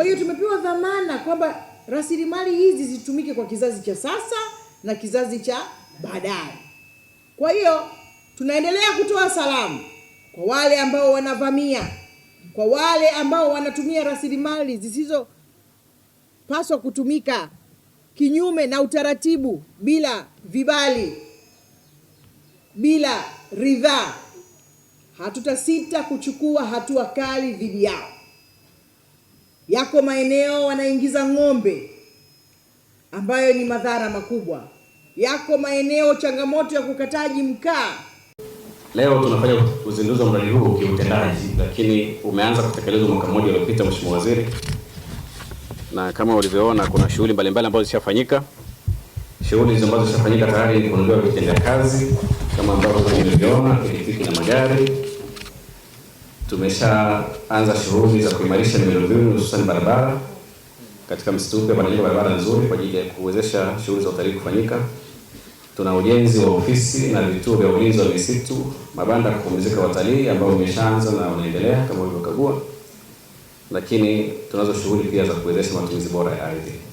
Kwa hiyo tumepewa dhamana kwamba rasilimali hizi zitumike kwa kizazi cha sasa na kizazi cha baadaye. Kwa hiyo tunaendelea kutoa salamu kwa wale ambao wanavamia, kwa wale ambao wanatumia rasilimali zisizopaswa kutumika kinyume na utaratibu, bila vibali, bila ridhaa. Hatutasita kuchukua hatua kali dhidi yao. Yako maeneo wanaingiza ng'ombe, ambayo ni madhara makubwa. Yako maeneo changamoto ya kukataji mkaa. Leo tunafanya uzinduzi wa mradi huu kiutendaji, lakini umeanza kutekelezwa mwaka mmoja uliopita, Mheshimiwa Waziri, na kama ulivyoona kuna shughuli mbalimbali ambazo zishafanyika. Shughuli hizo ambazo zishafanyika tayari ni kuondoa vitendea kazi kama ambavyo ulivyoona, pikipiki na magari tumeshaanza shughuli za kuimarisha miundombinu hususani barabara katika msitu mpya, barabara nzuri kwa ajili ya kuwezesha shughuli za utalii kufanyika. Tuna ujenzi wa ofisi na vituo vya ulinzi wa misitu, mabanda ya kupumzika watalii ambao umeshaanza na unaendelea kama ulivyokagua, lakini tunazo shughuli pia za kuwezesha matumizi bora ya ardhi.